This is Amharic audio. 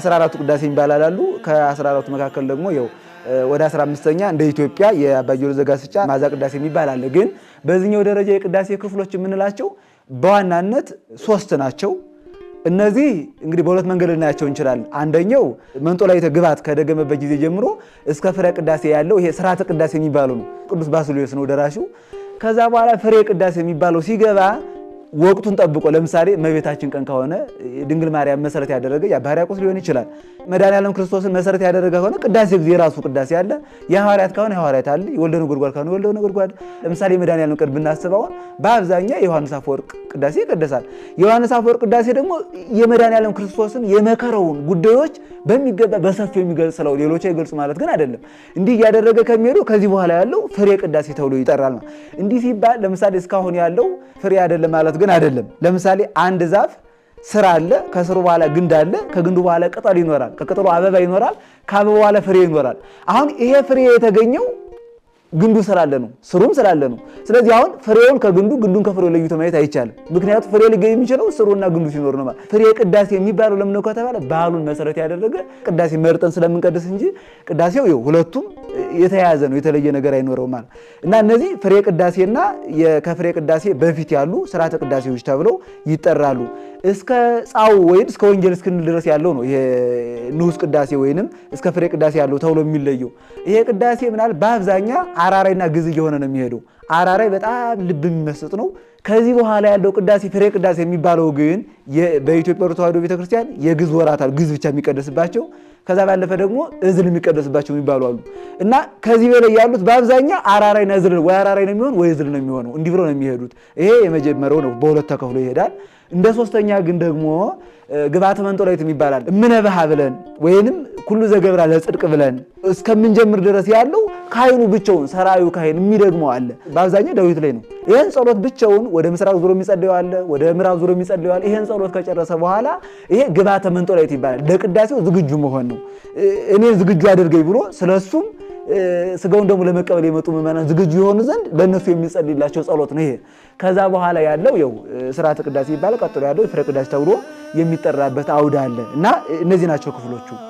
14 ቅዳሴ ይባላል አሉ። ከ14ቱ መካከል ደግሞ ይኸው ወደ 15ኛ እንደ ኢትዮጵያ የአባ ዘጋስጫ ማዛ ቅዳሴ የሚባል አለ። ግን በዚህኛው ደረጃ የቅዳሴ ክፍሎች የምንላቸው በዋናነት ሶስት ናቸው። እነዚህ እንግዲህ በሁለት መንገድ ልናያቸው እንችላለን። አንደኛው መንጦላዊተ ግባት ከደገመበት ጊዜ ጀምሮ እስከ ፍሬ ቅዳሴ ያለው ይሄ ስርዓተ ቅዳሴ የሚባለው ነው። ቅዱስ ባስልዮስ ነው ደራሹ። ከዛ በኋላ ፍሬ ቅዳሴ የሚባለው ሲገባ ወቅቱን ጠብቆ ለምሳሌ መቤታችን ቀን ከሆነ ድንግል ማርያም መሰረት ያደረገ የባሕርያቆስ ሊሆን ይችላል። መድኃኔዓለም ክርስቶስን መሰረት ያደረገ ከሆነ ቅዳሴ ጊዜ የራሱ ቅዳሴ አለ። የሐዋርያት ከሆነ የሐዋርያት አለ። የወልደ ነጎድጓድ ከሆነ የወልደ ነጎድጓድ። ለምሳሌ የመድኃኔዓለም ቀን ብናስበውን በአብዛኛው የዮሐንስ አፈወርቅ ቅዳሴ ይቀደሳል። የዮሐንስ አፈወርቅ ቅዳሴ ደግሞ የመድኃኔዓለም ክርስቶስን የመከረውን ጉዳዮች በሚገባ በሰፊው የሚገልጽ ነው። ሌሎች አይገልጹ ማለት ግን አይደለም። እንዲህ እያደረገ ከሚሄዱ ከዚህ በኋላ ያለው ፍሬ ቅዳሴ ተብሎ ይጠራል ነው። እንዲህ ሲባል ለምሳሌ እስካሁን ያለው ፍሬ አይደለም ማለት መዝራት ግን አይደለም። ለምሳሌ አንድ ዛፍ ስር አለ፣ ከስሩ በኋላ ግንድ አለ፣ ከግንዱ በኋላ ቅጠል ይኖራል፣ ከቅጠሉ አበባ ይኖራል፣ ከአበባ በኋላ ፍሬ ይኖራል። አሁን ይሄ ፍሬ የተገኘው ግንዱ ስላለ ነው፣ ስሩም ስላለ ነው። ስለዚህ አሁን ፍሬውን ከግንዱ ግንዱን ከፍሬው ለይቶ ማየት አይቻልም። ምክንያቱም ፍሬ ሊገኝ የሚችለው ስሩና ግንዱ ሲኖር ነው። ማለት ፍሬ ቅዳሴ የሚባለው ለምን ነው ከተባለ ባህሉን መሰረት ያደረገ ቅዳሴ መርጠን ስለምንቀድስ እንጂ ቅዳሴው ሁለቱም የተያያዘ ነው፣ የተለየ ነገር አይኖረው ማለት እና እነዚህ ፍሬ ቅዳሴና ከፍሬ ቅዳሴ በፊት ያሉ ስርዓተ ቅዳሴዎች ተብለው ይጠራሉ። እስከ ጻው ወይም እስከ ወንጌል እስክንል ድረስ ያለው ነው ይሄ ንዑስ ቅዳሴ ወይንም እስከ ፍሬ ቅዳሴ ያለው ተብሎ የሚለየው ይሄ ቅዳሴ ምናል በአብዛኛ አራራይና ግዕዝ እየሆነ ነው የሚሄደው። አራራይ በጣም ልብ የሚመስጥ ነው። ከዚህ በኋላ ያለው ቅዳሴ ፍሬ ቅዳሴ የሚባለው ግን በኢትዮጵያ ኦርቶዶክስ ተዋሕዶ ቤተክርስቲያን የግዕዝ ወራታል ግዕዝ ብቻ የሚቀደስባቸው ከዛ ባለፈ ደግሞ እዝል የሚቀደስባቸው የሚባሉ አሉ እና ከዚህ በላይ ያሉት በአብዛኛው አራራይ እዝል ወይ አራራይ ነው የሚሆን ወይ እዝል ነው የሚሆነው። እንዲህ ብሎ ነው የሚሄዱት። ይሄ የመጀመሪያው ነው፣ በሁለት ተከፍሎ ይሄዳል። እንደ ሶስተኛ ግን ደግሞ ግብአተ መንጦላይት ይባላል። እምነብሃ ብለን ወይንም ኩሉ ዘገብራ ለጽድቅ ብለን እስከምንጀምር ድረስ ያለው ካህኑ ብቻውን ሰራዩ ካህን የሚደግመው አለ። በአብዛኛው ዳዊት ላይ ነው። ይህን ጸሎት ብቻውን ወደ ምስራቅ ዙሮ የሚጸልየው አለ፣ ወደ ምዕራብ ዙሮ የሚጸልየው አለ። ይህን ጸሎት ከጨረሰ በኋላ ይሄ ግብአተ መንጦላዕቱ ይባላል። ለቅዳሴው ዝግጁ መሆን ነው። እኔ ዝግጁ አድርገኝ ብሎ ስለሱም ስጋውን ደግሞ ለመቀበል የመጡ ምእመናን ዝግጁ የሆኑ ዘንድ ለእነሱ የሚጸልይላቸው ጸሎት ነው ይሄ። ከዛ በኋላ ያለው ያው ስርዓተ ቅዳሴ ይባላል። ቀጥሎ ያለው ፍሬ ቅዳሴ ተብሎ የሚጠራበት አውድ አለ እና እነዚህ ናቸው ክፍሎቹ።